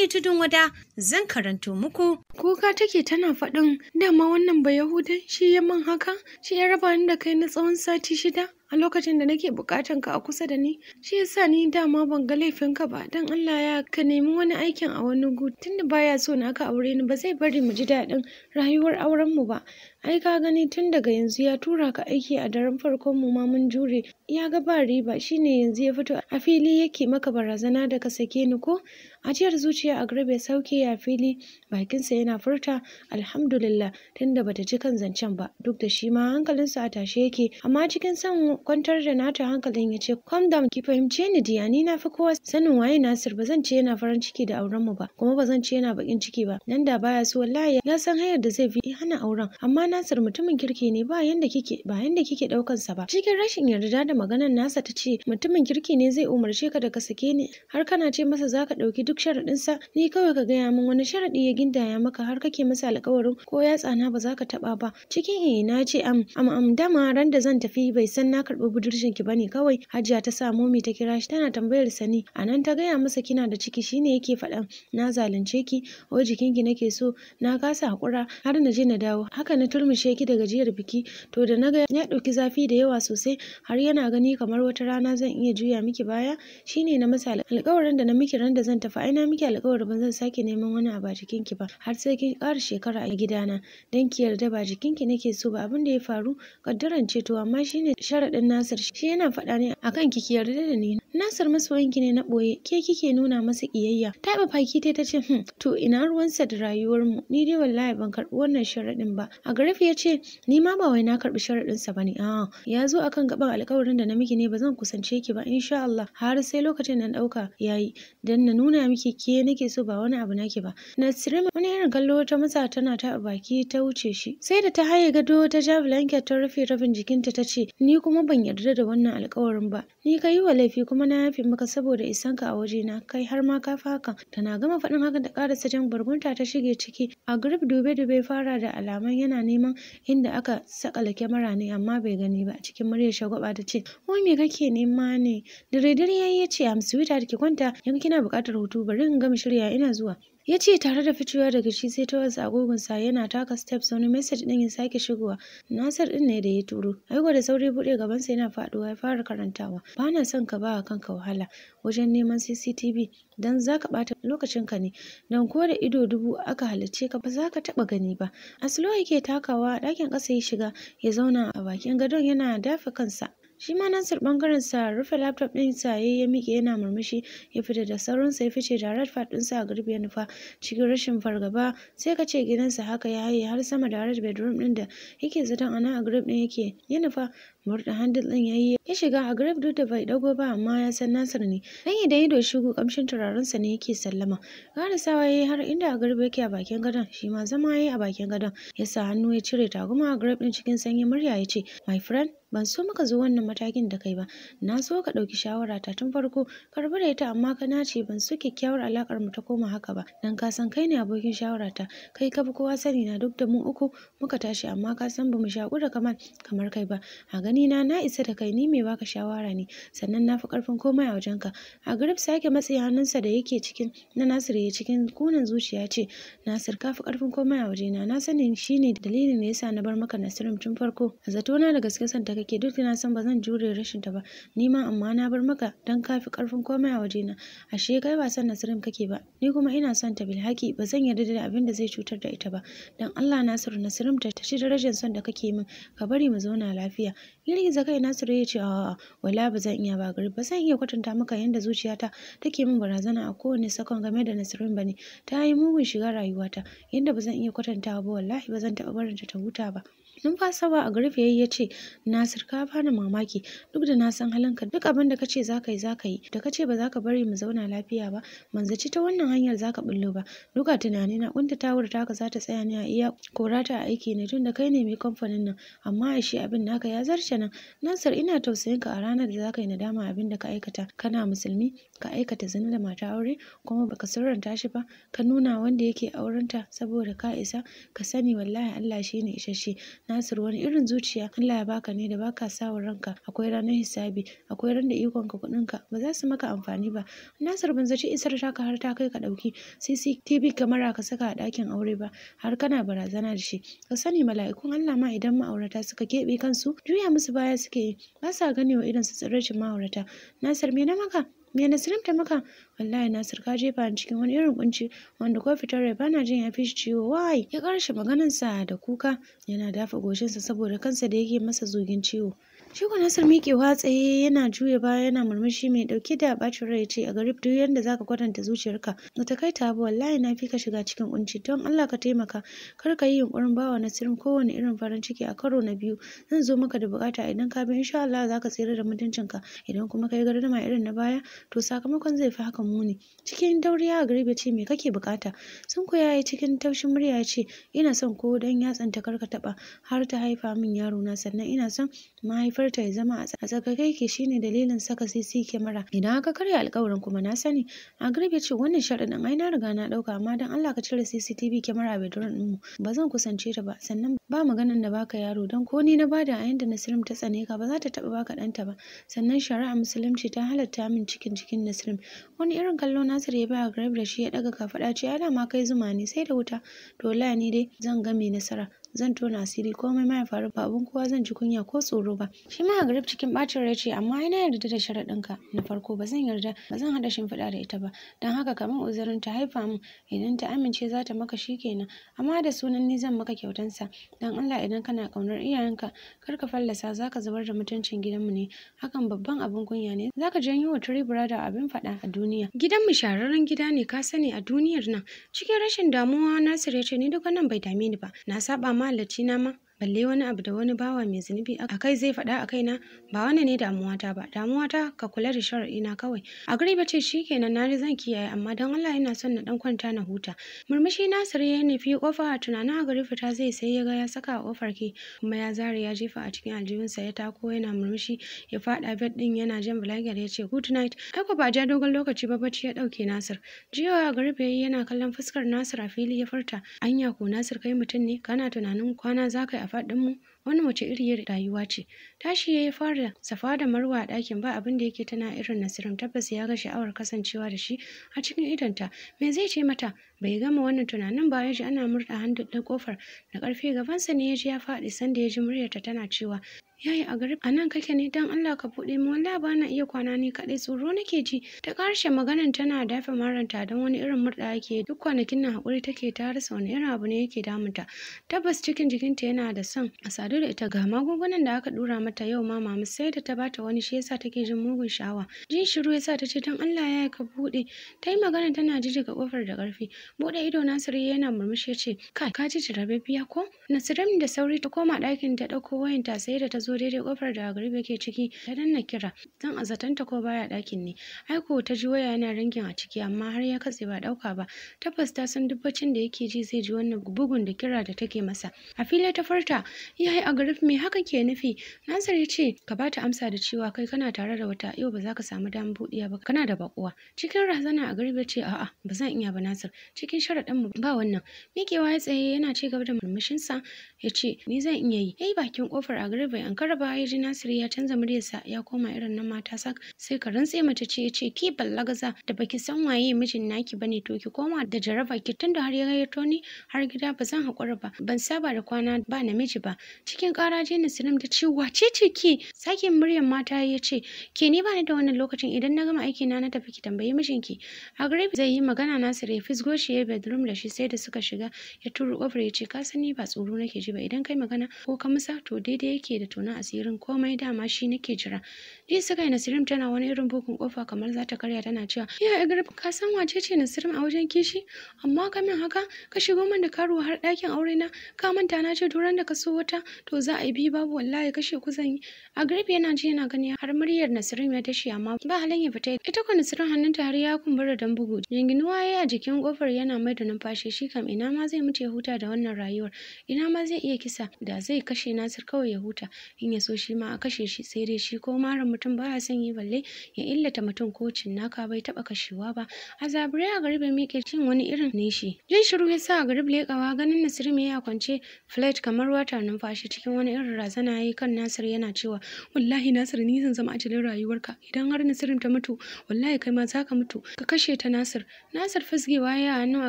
ni tudun wada zan karanto muku. Kuka take tana faɗin dama wannan ba Yahuda shi ya man haka shi ya raba ni da kai na tsawon sati shida. a lokacin da nake buƙatan ka a kusa da ni shi ya sa ni dama ban ga laifin ka ba dan Allah ya ka nemi wani aikin a wani gu tunda baya so na ka aure ni ba zai bari mu ji daɗin rayuwar auren mu ba ai ka gani tun daga yanzu ya tura ka aiki a daren farkon mu ma mun jure ya ga ba riba shine yanzu ya fito a fili yake maka barazana da ka sake ni ko ajiyar zuciya a garbe sauke ya fili bakinsa yana furta alhamdulillah tunda bata ci kan zancen ba duk da shi ma hankalinsa a tashe yake amma cikin son kwantar da nata hankalin ya ce calm ki fahimce ni diyani na fi kowa sanin waye Nasir ba zan ce yana farin ciki da auren mu ba kuma ba zan ce yana bakin ciki ba nan da baya so wallahi ya san hanyar da zai fi hana auren amma na Nasir mutumin kirki ne ba yanda kike ba yanda kike daukan sa ba. Cikin rashin yarda da maganar nasa ta ce mutumin kirki ne zai umarce ka da ka sake ni har kana ce masa zaka dauki duk sharadin sa ni kawai ka gaya min wani sharadi ya gindaya maka har kake masa alƙawarin ko ya tsana ba zaka taba ba. Cikin eh, na ce am am am dama ran da zan tafi bai san na karɓi budurcin ki bane kawai Hajiya ta sa mi ta kira shi tana tambayar sa ni anan ta gaya masa kina da ciki shine yake faɗan na zalunce ki wai ki nake so na kasa hakura har na je na dawo haka na turmi murmushe ki da gajiyar biki to da naga ya ɗauki zafi da yawa sosai har yana gani kamar wata rana zan iya juya miki baya shine na masa alƙawarin da na miki ran da zan tafi ai na miki alƙawarin ban zan sake neman wani abu a jikin ki ba har sai kin ƙara shekara a gidana dan ki yarda ba jikin ki nake so ba abin da ya faru kaddaran ce to amma shine sharaɗin Nasir shi yana faɗa ne akan ki ki yarda da ni Nasir ki ne na boye ke kike nuna masa ta taɓa faki ta ce hmm to ina ruwan sa da rayuwar mu ni dai wallahi ban karɓi wannan sharaɗin ba a gare Nafi ya ce, Ni ma ba wai na karɓi sharaɗinsa ba ne, ah ya zo akan gaban alkawarin da na miki ne ba zan kusance ki ba insha Allah har sai lokacin nan na ɗauka ya yi, don na nuna miki ke nake so ba wani abu nake ba. Nasirima wani irin kallo ta masa tana ta baki ta wuce shi. Sai da ta haye gado ta ja blanket ta rufe rabin jikinta ta ce, Ni kuma ban yarda da wannan alkawarin ba, ni ka yi wa laifi kuma na yafe maka saboda isan ka a waje na kai har ma ka fi hakan. Tana gama faɗin hakan da ƙarasa jan bargunta ta shige ciki a grip dube-dube fara da alaman yana ne neman inda aka sakala kyamara ne amma bai gani ba cikin muryar shagwaba ta ce wai me kake nema ne diredire ya ce am sweetheart ki kwanta yanzu kina buƙatar hutu bari in gama shirya ina zuwa ya ce tare da ficewa daga shi sai ta wasu agogonsa yana taka steps wani message din ya sake shigowa nasir din ne da ya turo aiko da sauri buɗe gabansa yana faduwa ya fara karantawa ba na son ka ba kanka wahala wajen neman cctv dan za ka lokacin lokacinka ne dan ko da ido dubu aka halarci, ka ba za ka taɓa gani ba aslo yake takawa dakin kasa ya shiga ya zauna a bakin gadon yana dafa kansa shi ma Nasir bangaren sa rufe laptop din sa yayi ya miƙe yana murmushi ya fita da sauran sa ya fice da red fat din sa a garbi ya nufa cikin rashin fargaba sai ka ce gidansa haka ya haye har sama da red bedroom din da yake zaton ana a group din yake ya nufa murda ɗin din yayi ya shiga a grave duk da bai dago ba amma ya san Nasir ne dan idan yi doshi go kamshin turarensa ne yake sallama karasawa yayi har inda a grave yake a bakin gadon shi ma zama yayi a bakin gadon ya sa hannu ya cire taguma a grave din cikin sanyi murya ya ce my friend ban so maka zo wannan matakin da kai ba na so ka ɗauki shawara ta tun farko karbi da ita amma ka nace ban so kyakkyawar alakar mu ta koma haka ba dan ka san kai ne abokin shawara ta kai ka fi kowa sani na duk da mu uku muka tashi amma ka san bamu shaku da kamar kamar kai ba a ganina na isa da kai ni mai baka shawara ne sannan na fi karfin komai a wajen ka a garib sake matse hannunsa da yake cikin na nasir ya cikin kunan zuciya ce nasir ka fi karfin komai a wajena na shi shine dalilin da yasa na bar maka nasirin tun farko a zato na da gaske santa kake duk na san ba zan jure rashin ta ba ni ma amma na bar maka dan ka fi karfin komai a wajena ashe kai ba san nasirim kake ba ni kuma ina son ta bilhaki ba zan yarda da abin da zai cutar da ita ba dan Allah Nasiru nasirin ta ta ci darajar son da kake min ka bari mu zauna lafiya girgiza kai Nasiru ya ce a'a wala ba zan iya ba gari ba zan iya kwatanta maka yadda zuciyata take min barazana a kowane sakon game da Nasirin bane ta yi mugun shiga rayuwata yadda ba zan iya kwatantawa ba wallahi ba zan taɓa barinta ta huta ba numfasawa a garfe yayi ya ce Nasir ka bani mamaki duk da na san halinka duk abin da kace zaka yi zaka yi da kace ba ka bari mu zauna lafiya ba manzaci ta wannan hanyar zaka bullo ba duka tunani na kunta tawur taka za ta tsaya ne a iya korata a aiki ne tunda kai ne mai kamfanin nan amma shi abin naka ya zarce nan Nasir ina tausayin ka a ranar da zaka yi nadama abin da ka aikata kana musulmi ka aikata zina da mata aure kuma baka surranta shi ba ka nuna wanda yake aurenta saboda ka isa ka sani wallahi Allah shine isasshe na Nasir wani irin zuciya Allah ya baka ne da baka sawa ranka akwai ranar hisabi akwai ran da ikon ka kuɗin ka ba za su maka amfani ba Nasir ban zaci isar taka har ta kai ka ɗauki CCTV kamera ka saka a ɗakin aure ba har kana barazana da shi ka sani mala'ikun Allah ma idan ma'aurata suka keɓe kansu juya musu baya suke yi ba sa ganewa irin su tsirracin ma'aurata Nasir me na maka me na sirimta maka wallahi na ka jefa ni cikin wani irin kunci wanda ko fitar rai bana jin ya fi shi ciwo wai ya karshe maganar sa da kuka yana dafa goshinsa saboda kansa da yake masa zogin ciwo Shi kuwa Nasir miƙe tsaye yana juya baya yana murmushi mai ɗauke da bacin rai ce a garib duk yadda zaka kwatanta zuciyarka ba ta kai ta wallahi na fi ka shiga cikin kunci don Allah ka taimaka kar ka yi yunkurin bawa Nasirin kowane irin farin ciki a karo na biyu zan zo maka da bukata idan ka bi insha Allah zaka tsira da mutuncinka idan kuma kai gardama irin na baya to sakamakon zai fi haka muni cikin dauriya a gari ya ce me kake bukata sun koya ya cikin taushin murya ce ina son ko dan yatsan ta karka taba har ta haifa min yaro na sannan ina son mahaifar ta ya zama a tsakake ke shine dalilin saka CC kyamara. Idan aka karya alkawarin kuma na sani. Agrib ya ce wannan sharaɗin ai na riga na dauka amma don Allah ka cire CCTV kyamara a bedroom mu. Ba zan kusance ta ba sannan ba maganan da baka yaro dan ko ni na bada a yanda nasrim ta tsane ka ba za ta taba baka danta ba. Sannan shari'a musulunci ta halatta min cikin cikin nasrim Wani irin kallo Nasir ya ba Agrib da shi ya daga kafaɗa ce ya dama kai zuma ne sai da wuta. To la ni dai zan ga mai nasara. zan tona asiri komai mai faru ba abun kowa zan ji kunya ko tsoro ba shi ma Agrib cikin bacin rai ce amma ina yarda da sharaɗinka na farko ba zan yarda ba zan haɗa shimfiɗa da ita ba don haka kamar uzurin ta haifa mu, idan ta amince za ta maka shi kenan amma da sunan ni zan maka kyautansa don Allah idan kana ƙaunar iyayenka kar ka fallasa za ka zubar da mutuncin gidanmu ne hakan babban abin kunya ne za ka janyo wa turi burada abin faɗa a duniya gidanmu shahararren gida ne ka sani a duniyar nan cikin rashin damuwa Nasir ya ce ni duk wannan bai dame ni ba na saba ma animale, cine balle wani abu da wani bawa mai zunubi a kai zai faɗa a na. ba wani ne damuwata ba damuwata ka kula da shar'ina kawai A ba ce shikenan na ji zan kiyaye amma don Allah yana son na dan kwanta na huta murmushi Nasir ya nufi kofa tunanin gari fita zai sai ya ga ya saka a kofar ke kuma ya zare ya jefa a cikin aljihunsa ya tako yana murmushi ya faɗa bed din yana jan blanket ya ce good night aiko ba ja dogon lokaci ba bacci ya dauke Nasir jiya agriba yayi yana kallon fuskar Nasir a fili ya furta anya ko Nasir kai mutum ne kana tunanin kwana za ka a faɗinmu wani mace iriyar rayuwa ce tashi ya fara safa da marwa a ɗakin ba abin da yake tana irin nasirin tabbas ya ga sha'awar kasancewa da shi a cikin idonta me zai ce mata bai gama wannan tunanin ba ya ji ana murɗa handun ɗin ƙofar da ƙarfi gabansa ne ya ji ya faɗi sanda ya ji muryarta tana cewa yayi a garib a nan kake ne dan Allah ka buɗe mu walla ba na iya kwana ni kaɗai tsoro nake ji ta karshe maganan tana dafa maranta don wani irin murda yake duk kwanakin nan hakuri take ta rasa wani irin abu ne yake damunta tabbas cikin jikinta yana da son a sadu da ita ga magungunan da aka dura mata yau ma mama sai da ta bata wani shi yasa take jin mugun shawa. jin shiru yasa ta ce dan Allah yayi ka buɗe ta yi magana tana jijjiga kofar da ƙarfi buɗe ido Nasiru yana murmushi ya ce kai ka ji biya ko Nasiru da sauri ta koma ɗakin ta ɗauko wayanta sai da ta zo daidai kofar da Agrib yake ciki ta danna kira dan a zatanta ko baya dakin ne aiko ta ji waya yana rangin a ciki amma har ya katse ba dauka ba tabbas ta san dubbacin da yake ji zai ji wannan bugun da kira da take masa a fili ta farta yayi Agrib me haka ke nufi Nasir ya ce ka ta amsa da cewa kai kana tare da wata yau ba za ka samu damar buɗiya ba kana da bakuwa cikin razana Agrib ya ce a'a ba zan iya ba Nasir cikin sharaɗin mu ba wannan mikewa ya tsaye yana ci gaba da murmushinsa ya ce ni zan iya yi yayi bakin kofar Agrib Ankara ba ya ji Nasir ya canza muryarsa ya koma irin na mata sak sai ka rantse mace ce ya ce ki gaza da baki san waye mijin naki bane to ki koma da jaraba ki tunda har ya gayyato ni har gida ba zan hakura ba ban saba da kwana ba namiji ba cikin kara je Nasirim ta ce wace ce ki sake muryar mata ya ce ke ni bani da wannan lokacin idan na gama aiki na na tafi ki tambayi mijinki Agrib zai yi magana Nasir ya fisgo shi ya bedroom da shi sai da suka shiga ya turu kofar ya ce ka sani ba tsoro nake ji ba idan kai magana ko ka musa to daidai yake da to tonon asirin komai dama shi nake jira ji suka yi nasirim tana wani irin bugun kofa kamar za ta karya tana cewa ya ya kasan ka san wace ce nasirim a wajen kishi amma kamin haka ka shigo min da karuwa har dakin aure na ka manta na ce duran da ka so wata to za a yi biyu babu wallahi kashe ku zan yi a yana ji yana gani har muryar nasirim ya tashi amma ba halin ya fita ita ko nasirim hannunta har ya kumbura dan bugu jinginuwa ya a jikin kofar yana mai da numfashi shi kam ina ma zai mutu ya huta da wannan rayuwar ina ma zai iya kisa da zai kashe nasir kawai ya huta in ya so shi ma a kashe shi sai dai shi ko maran mutum ba ya son yi balle ya illata mutum ko cin naka bai taba kashewa ba a zaburai a garibin mike cin wani irin ne shi. jin shiru ya sa a garib leƙawa ganin nasiru mai ya kwance flat kamar wata numfashi cikin wani irin razana yayi kan nasir yana cewa wallahi nasir ni zan zama ajalin rayuwarka idan har nasirin ta mutu wallahi kai ma za mutu ka kashe ta nasir nasir fisgewa ya hannu a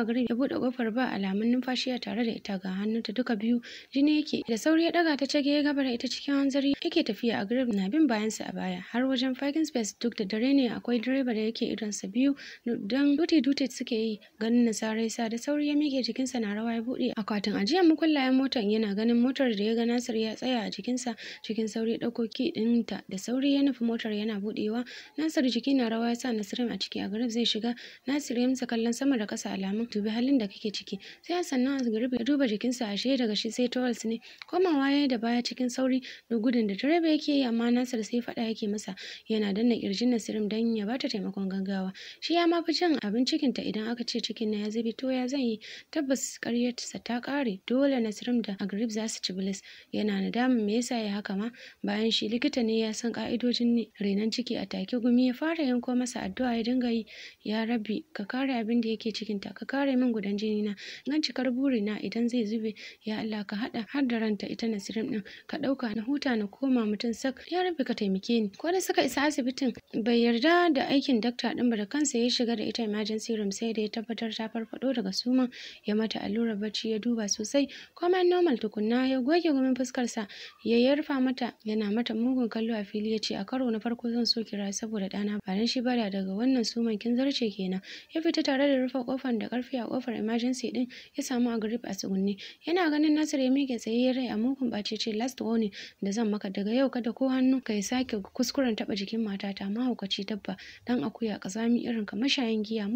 garib ya buɗe kofar ba alamun numfashi a tare da ita ga hannu ta duka biyu jini yake da sauri ya ɗaga ta cage ya gabara ita cikin hanzari yake tafiya a grab na bin bayansa a baya har wajen fagen space duk da dare ne akwai direba da yake sa biyu don duti-duti suke yi ganin na sa da sauri ya mike jikinsa na rawa ya bude. akwatin ajiyar mukullayen motar yana ganin motar da ya ga Nasir ya tsaya a jikinsa cikin sauri ɗauko ki ɗinta da sauri ya nufi motar yana buɗewa Nasir jiki na rawa ya sa nasirin a ciki a grab zai shiga Nasir ya kallon sama da ƙasa alamun dubi halin da kake ciki sai sannan grab ya duba jikinsa ashe daga shi sai towels ne komawa ya da baya cikin sauri gudun da direba yake yi amma nasar sai faɗa yake masa yana danna kirjin nasirin don ya bata taimakon gaggawa shi ya ma fi abin cikin ta idan aka ce cikin na ya zubi to ya zan yi tabbas karyarsa ta kare dole nasirin da Agrib za su ci bilis yana nadamar me yasa ya haka ma bayan shi likita ne ya san ka'idojin renon ciki a take gumi ya fara yanko masa addu'a ya dinga yi ya rabbi ka kare abin da yake cikin ta ka kare min gudan jini na gan cikar burina idan zai zube ya Allah ka hada har da ranta ita nasirin din ka ɗauka na huta huta na koma mutum sak ya rabe ka taimake ni ko da suka isa asibitin bai yarda da aikin dakta ɗin ba da kansa ya shiga da ita emergency room sai da ya tabbatar ta farfado daga suma ya mata allurar bacci ya duba sosai komai normal tukunna ya goge gumin fuskarsa ya yarfa mata yana mata mugun kallo a fili ya ce a karo na farko zan so kira saboda dana ba dan shi bada daga wannan suman kin zarce kenan ya fita tare da rufe kofar da karfi a kofar emergency din ya samu a grip a tsugunne yana ganin Nasir ya mike tsaye ya rai a mugun bace ce last warning da zan maka daga yau kada ko hannu ka ya sake kuskuren taba jikin matata mahaukaci dabba dan akuya kazami irin ka mashayin giya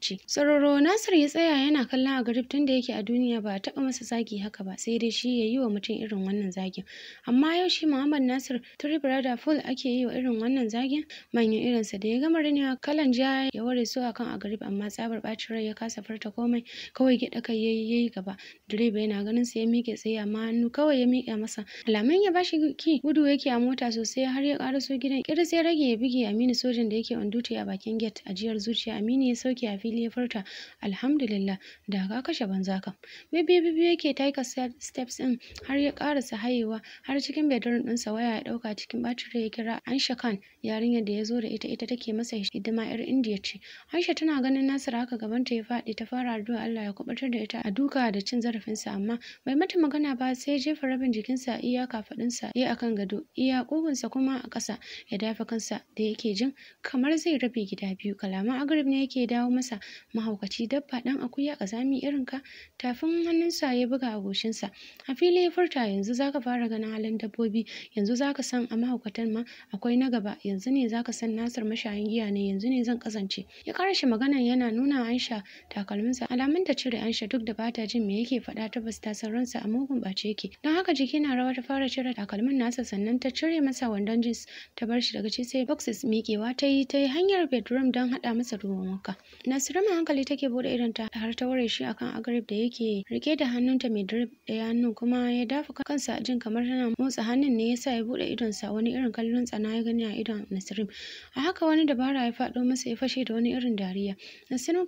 ce. sororo nasir ya tsaya yana kallon a garib tun da yake a duniya ba a taba masa zagi haka ba sai dai shi ya yi wa mutum irin wannan zagin amma yau shi muhammad nasir tri brother full ake yi wa irin wannan zagin manyan irinsa da ya gama rinewa kalan ja ya ware su akan a garib amma tsabar bacin rai ya kasa farta komai kawai gida kai yayi yayi gaba direba yana ganin sa ya mike tsaye amma hannu kawai ya mike masa alamun ya bashi ki gudu yake a mota sosai har ya karaso gidan kiris ya rage ya bige aminu sojan da yake on a bakin get ajiyar zuciya aminu ya sauke a fili ya furta alhamdulillah da ka kashe banza ka. bibi bibi yake taika steps in har ya sa hayewa har cikin bedroom ɗinsa waya ya ɗauka cikin bacin da ya kira ansha khan yarinyar da ya zo da ita ita take masa hidima yar indiya ce aisha tana ganin nasir haka gabanta ya faɗi ta fara addu'a allah ya kubutar da ita a duka da cin zarafinsa amma bai mata magana ba sai jefa rabin jikinsa iya faɗinsa tsaye kan gado iya ƙugunsa kuma a ƙasa ya dafa kansa da yake jin kamar zai rabe gida biyu kalaman agrib ne yake dawo masa mahaukaci dabba ɗan akuya ƙazami irin ka tafin hannunsa ya buga a goshinsa a fili ya furta yanzu zaka fara ganin halin dabbobi yanzu zaka san a mahaukatan ma akwai na gaba yanzu ne zaka san nasir mashayin giya ne yanzu ne zan kasance ya karashe maganan yana nuna ansha takalminsa alamun ta cire ansha duk da bata jin me yake faɗa tabbas ta san ransa a mugun ɓace yake don haka jiki na rawa ta fara cire takalmin takalmin nasa sannan ta cire masa wandon jeans ta bar shi daga ci sai boxes miƙewa ta yi ta hanyar bedroom don haɗa masa ruwan wanka nasiru mai hankali take bude irin ta har ta ware shi akan agarib da yake rike da hannunta mai drip ɗaya hannun kuma ya dafa kansa jin kamar tana motsa hannun ne yasa ya bude idon sa wani irin kallon tsana ya gani a idon nasirim a haka wani dabara ya faɗo masa ya fashe da wani irin dariya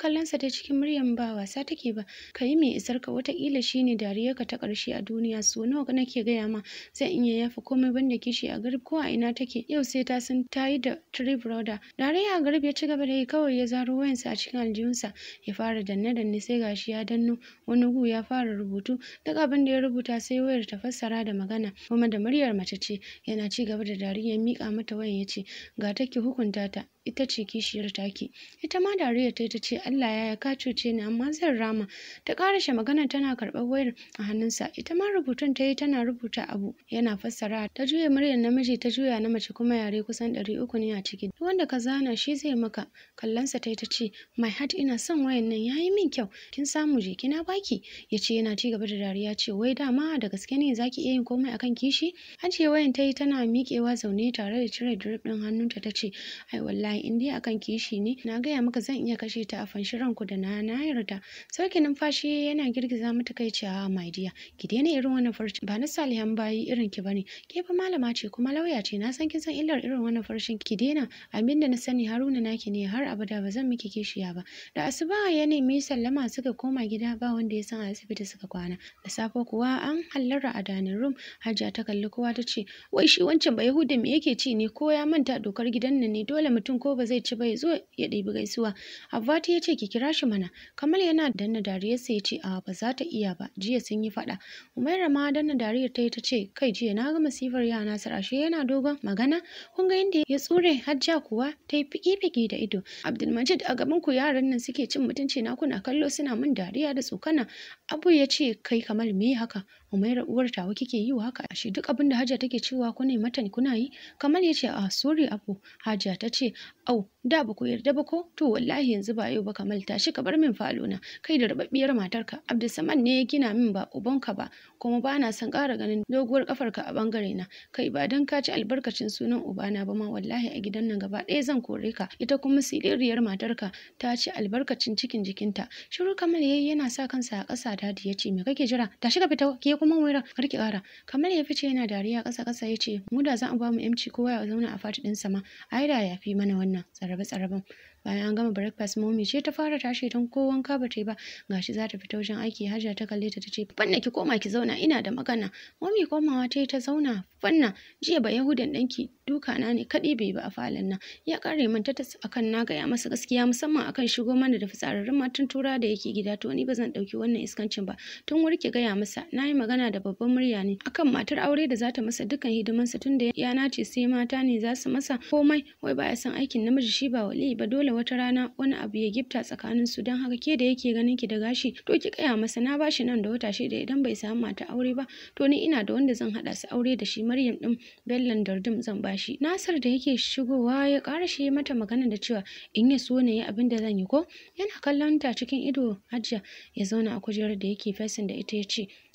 kallon sa ta cikin muryan ba wasa take ba ka mai isar ka watakila shine dariyarka ta karshe a duniya so nawa nake gaya ma zan iya ya yafi komai banda kishi a garib ko a ina take yau sai ta san ta yi da tree brother dariya a garib ya ci gaba da yi kawai ya zaro wayansa a cikin aljihunsa ya fara danne danne sai gashi ya danno wani gu ya fara rubutu duk abin da ya rubuta sai wayar ta fassara da magana kuma da muryar mace ce yana ci gaba da dariya ya mika mata wayan ya ce ga take hukunta ta ita ce kishiyar taki ita ma dariya ta ta ce Allah ya ka cuce ni amma zan rama ta karashe magana tana karɓar wayar a hannunsa ita ma rubutun ta yi tana rubuta abu yana fassara ta juya muryar namiji ta juya na mace kuma yare kusan ɗari uku ne a ciki duk wanda ka zana shi zai maka kallonsa ta ta ce my heart ina son wayan nan ya yi min kyau kin samu je kina baki ya ce yana ci gaba da dariya ce wai dama da gaske ne zaki iya yin komai akan kishi ajiye wayan ta yi tana miƙewa zaune tare da cire drip ɗin hannunta ta ce ai wallahi wallahi in dai akan kishi ne na gaya maka zan iya kashe ta a fanshi ranku da na na yarda sauki numfashi yana girgiza mata kai cewa ah, my dear ki daina irin wannan farcin ba na salihan bayi irin ki bane ke fa malama ce kuma lauya ce na san kin san illar irin wannan farcin ki daina abin da na sani haruna naki ne har abada ba zan miki kishiya ba da asuba ya nemi sallama suka koma gida ba wanda ya san a asibiti suka kwana da safe kuwa an hallara a danin room hajiya ta kalli kowa ta ce wai shi wancan ba yahuda me yake ci ne ko ya manta dokar gidan nan ne dole mutum ko ba zai ci ba ya zo ya ɗebi gaisuwa Abbati ya ce ki kira shi mana Kamal yana danna dariyarsa ya ce a ba za ta iya ba jiya sun yi faɗa Umaira ma danna dariyar ta yi ta ce kai jiya na ga masifar yana ashe. yana dogon magana kun ga inda ya tsure hajja kuwa ta yi fiki-fiki da ido Abdulmajid a gaban ku yaran nan suke cin mutunci na kuna kallo suna min dariya da tsokana Abu ya ce kai Kamal me haka umaira uwar tawa kike yi wa haka shi. duk abin da hajiya take cewa ku ne mata kuna yi kamar yace a ah, sorry abu hajiya ta ce Au, da ba ku yarda ba ko? To wallahi yanzu ba yau ba kamal tashi ka bar min falona. Kai da rababbiyar matarka, Abdulsaman ne ya gina min ba ubanka ba, kuma ba na son ƙara ganin doguwar kafarka a bangare na. Kai ba dan ka ci albarkacin sunan ubana ba ma wallahi a gidan nan gaba ɗaya zan kore ka. Ita kuma siririyar matarka ta ci albarkacin cikin jikinta. Shiru Kamal yayi yana sa kansa a ƙasa dadi ya ce me kake jira? Tashi ka fita ke kuma wura kar ki ƙara. Kamal ya fice yana dariya ƙasa ƙasa ya ce mu da za a ba mu ƴanci kowa ya zauna a fati sama Ai da yafi mana wannan. nan sarrabe sarraben bayan an gama breakfast momi ce ta fara tashi don ko wanka ba ta yi ba gashi za ta fita wajen aiki hajja ta kalle ta ta ce fanna ki koma ki zauna ina da magana momi komawa ta yi ta zauna fanna jiya ba yahudan ɗanki duka na ne kaɗai bai ba a falon nan ya kare min ta akan na gaya masa gaskiya musamman akan shigo mana da fitsararrun matan tura da yake gida to ni ba zan ɗauki wannan iskancin ba tun wuri ki gaya masa na yi magana da babban murya ne akan matar aure da za ta masa dukkan hidimansa tun da ya nace sai mata ne za su masa komai wai ba ya san aikin namiji shi ba wali ba dole da wata rana wani abu ya gifta tsakanin su don haka ke da yake ganin ki da gashi to ki kaya masa na bashi nan da wata da idan bai samu mata aure ba to ni ina da wanda zan hada su aure da shi Maryam din Bellan Dardum zan bashi Nasir da yake shigowa ya karashe mata magana da cewa in ya so ne abin da zan yi ko yana kallon ta cikin ido Hajiya ya zauna a kujerar da yake fesin da ita ya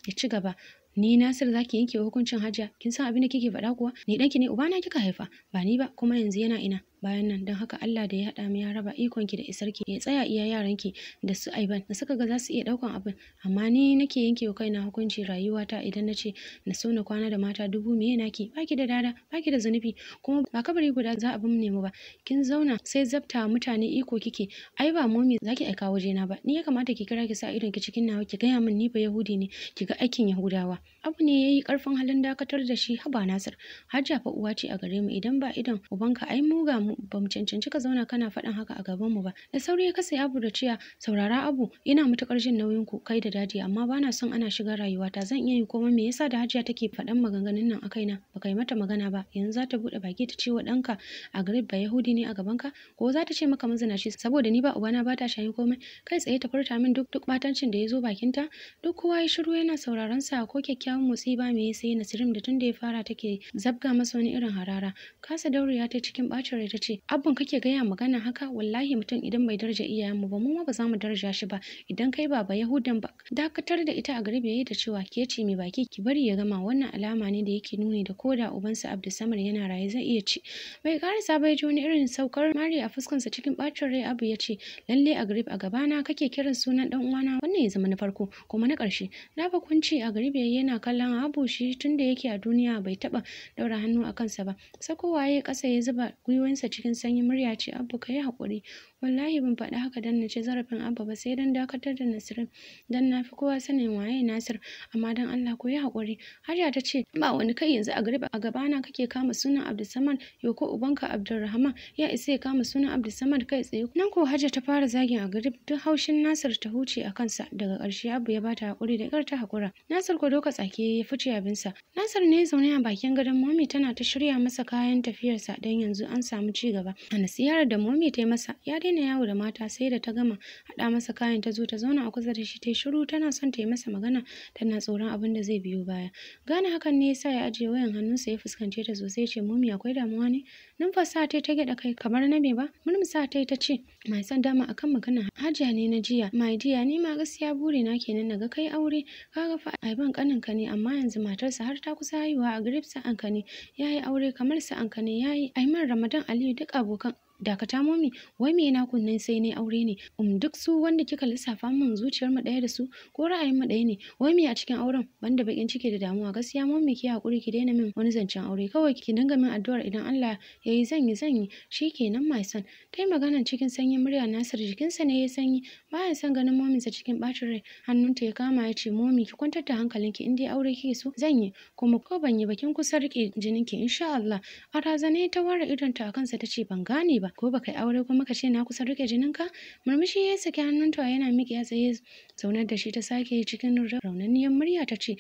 ya ci gaba ni Nasir zaki yanke hukuncin Hajiya kin san abin da kike faɗa kuwa ni danki ne ubana kika haifa ba ni ba kuma yanzu yana ina bayan nan don haka Allah da ya haɗa mu ya raba ikon ki da isar ki ya tsaya iya yaran ki da su Aiban da suka ga za su iya ɗaukan abin amma ni nake yanke wa kaina hukunci rayuwata idan na ce na so na kwana da mata dubu meye naki baki da dada baki da zunubi kuma ba kabari guda za a bin nemi ba kin zauna sai zabta mutane iko kike ai ba momi zaki aika waje na ba ni ya kamata ki kira ki sa idon ki cikin nawa ki gaya min ni ba Yahudi ne ki ga aikin Yahudawa abu ne yayi karfin halin dakatar da shi haba Nasir hajja fa uwa ce a gare mu idan ba idon ubanka ai muga ba mu cancanci ka zauna kana faɗin haka a gaban mu ba da sauri ya kasa abu da ciya saurara abu ina matukar jin nauyin ku kai da dadi amma bana son ana shiga rayuwata zan iya yi komai me yasa da hajiya take faɗan maganganun nan a kaina ba kai mata magana ba yanzu za ta buɗe baki ta ce wa ɗanka a garib ba yahudi ne a ka ko za ta ce maka shi? saboda ni ba ubana ba ta shayin komai kai tsaye ta furta min duk duk batancin da ya zo bakinta duk kowa ya shiru yana sauraron sa ko kyakkyawan motsi ba me ya nasirim da tun da ya fara take zabga masa wani irin harara kasa daurewa ta cikin bacin rai ta ce abun kake gaya magana haka wallahi mutum idan bai daraja iyayenmu ba mu ma ba za mu darja shi ba idan kai baba yahudan ba dakatar da ita a garbe yayi da cewa ke ce mai baki ki bari ya gama wannan alama ne da yake nuni da koda ubansa Abdulsamad yana raye zai iya ci bai karasa bai ji wani irin saukar mari a fuskansa cikin bacin rai abu ya ce lalle a garib a gabana kake kiran sunan dan uwana wannan ya zama na farko kuma na karshe na fa kunci a garbe yana kallon abu shi tunda yake a duniya bai taba daura hannu a kansa ba sa ya kasa ya zuba gwiwansa cikin sanyin murya ce abba ka yi haƙuri wallahi ban faɗi haka dan na ci zarafin abba ba sai dan dakatar da nasirin dan na fi kowa sanin waye nasir amma dan allah ku yi haƙuri hajiya ta ce ba wani kai yanzu a gariba a gabana kake kama sunan abdulsamad yau ko ubanka abdulrahman ya isa ya kama sunan abdulsamad kai tsaye nan ko hajiya ta fara zagin a garib duk haushin nasir ta huce a kansa daga ƙarshe abu ya bata haƙuri da ƙarta hakura haƙura nasir ko doka tsake ya fice abin sa. nasir ne zaune a bakin gadon momi tana ta shirya masa kayan tafiyarsa dan yanzu an samu ci gaba a nasiyar da momi ta yi masa ya daina yawo da mata sai da ta gama haɗa masa kayan ta zo ta zauna a kusa da shi ta shiru tana son ta yi masa magana tana tsoron abin da zai biyo baya gane hakan ne yasa ya ajiye wayan hannunsa ya fuskance ta sosai ya ce mumi akwai damuwa ne numfasa ta ta gyaɗa kai kamar na me ba murmusa ta ta ce mai son dama akan magana hajiya ne na jiya mai jiya ni ma gaskiya buri na kenan ga kai aure ka ga fa ai ban kanin ka ne amma yanzu matarsa har ta kusa haihuwa a grip sa'an ka ne yayi aure kamar sa'an ka ne yayi ai man ramadan aliyu duk abokan dakata momi wai me na kunne sai ne aure ne um duk su wanda kika lissafa min zuciyar mu daya da su ko ra'ayin mu daya ne wai me a cikin auren banda bakin ciki da damuwa gaskiya momi ki hakuri ki daina min wani zancen aure kawai ki dinga min addu'ar idan Allah ya yi zanyi zanyi shikenan mai son kai maganan cikin sanyin murya Nasir jikinsa ne ya sanyi baya son ganin sa cikin bacin rai hannunta ya kama ya ce momi ki kwantar da hankalinki in dai aure kike so zanyi kuma ko ban yi bakin kusa rike jininki insha Allah a razane ta ware idonta a kansa ta ce ban gane ba ba ko baka yi aure kuma ka ce na kusa rike ka? murmushi ya saki hannunta yana miƙe tsaye zaunar da shi ta sake cikin raunanniyar murya ta ce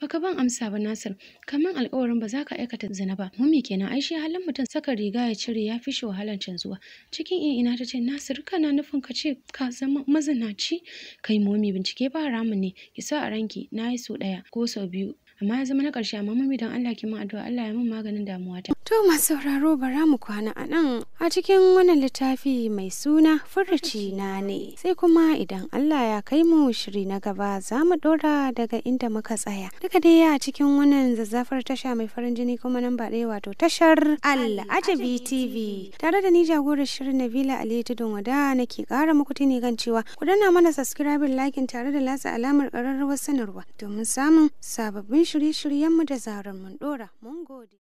baka ban amsa ba Nasir kaman alƙawarin ba za ka aikata zina ba mummy kenan ai shi halin mutum saka riga ya cire ya fi shi wahalar canzuwa cikin in ina ta ce Nasir kana nufin ka ce ka zama mazinaci kai mummy bincike ba haramun ne ki sa a ranki na yi so ɗaya ko sau biyu amma ya zama na ƙarshe amma mummy don Allah ki min addu'a Allah ya min maganin damuwata To masu sauraro bara mu kwana a nan a cikin wannan littafi mai suna furuci na ne. Sai kuma idan Allah ya kai mu shiri na gaba za mu dora daga inda muka tsaya. Duka dai a cikin wannan zazzafar tasha mai farin jini kuma nan ba ɗaya wato tashar Al-Ajabi TV. Tare da ni jagorar shirin Nabila Ali Tudun Wada nake ƙara muku tuni gan cewa ku danna mana subscribing lakin tare da lasa alamar ƙararrawar sanarwa domin samun sababbin shirye mu da zarar mun dora. Mun gode.